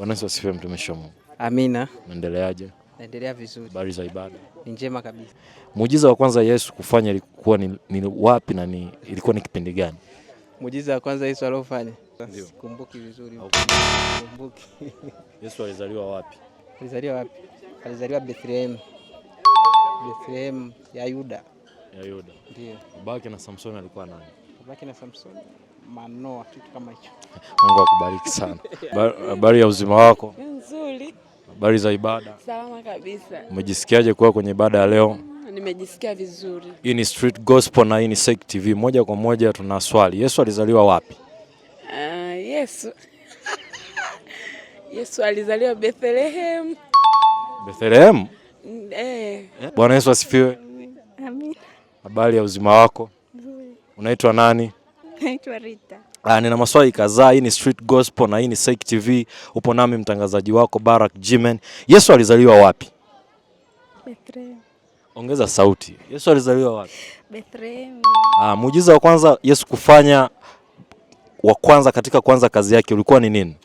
Bwana asifiwe, mtumishi wa Mungu. Amina. Naendeleaje? Naendelea vizuri. Habari za ibada? Ni njema kabisa. Muujiza wa kwanza Yesu kufanya ilikuwa ni, ni wapi na ni, ilikuwa ni kipindi gani? Muujiza wa kwanza Yesu aliofanya? Sikumbuki vizuri. Sikumbuki. Yesu alizaliwa wapi? Alizaliwa wapi? Alizaliwa Bethlehem. Bethlehem ya Yuda. Ya Yuda. Ndio. Babake na Samson alikuwa nani? zake na Samsung manoa kitu kama hicho. Mungu akubariki sana. Habari ya uzima wako? Nzuri. Habari za ibada? Salama kabisa. Umejisikiaje kuwa kwenye ibada ya leo? Nimejisikia vizuri. Hii ni Street Gospel na hii ni Sek TV. Moja kwa moja tuna swali. Yesu alizaliwa wapi? Uh, Yesu. Yesu alizaliwa Bethlehem. Bethlehem? Eh. Bwana Yesu asifiwe. Amina. Habari ya uzima wako? Unaitwa nani? Naitwa Rita. Ah, nina maswali kadhaa. Hii ni Street Gospel na hii ni SEIC TV. Upo nami mtangazaji wako Barack Jimen. Yesu alizaliwa wapi? Bethlehem. Ongeza sauti. Yesu alizaliwa wapi? Bethlehem. Ah, muujiza wa kwanza Yesu kufanya wa kwanza katika kuanza kazi yake ulikuwa ni nini?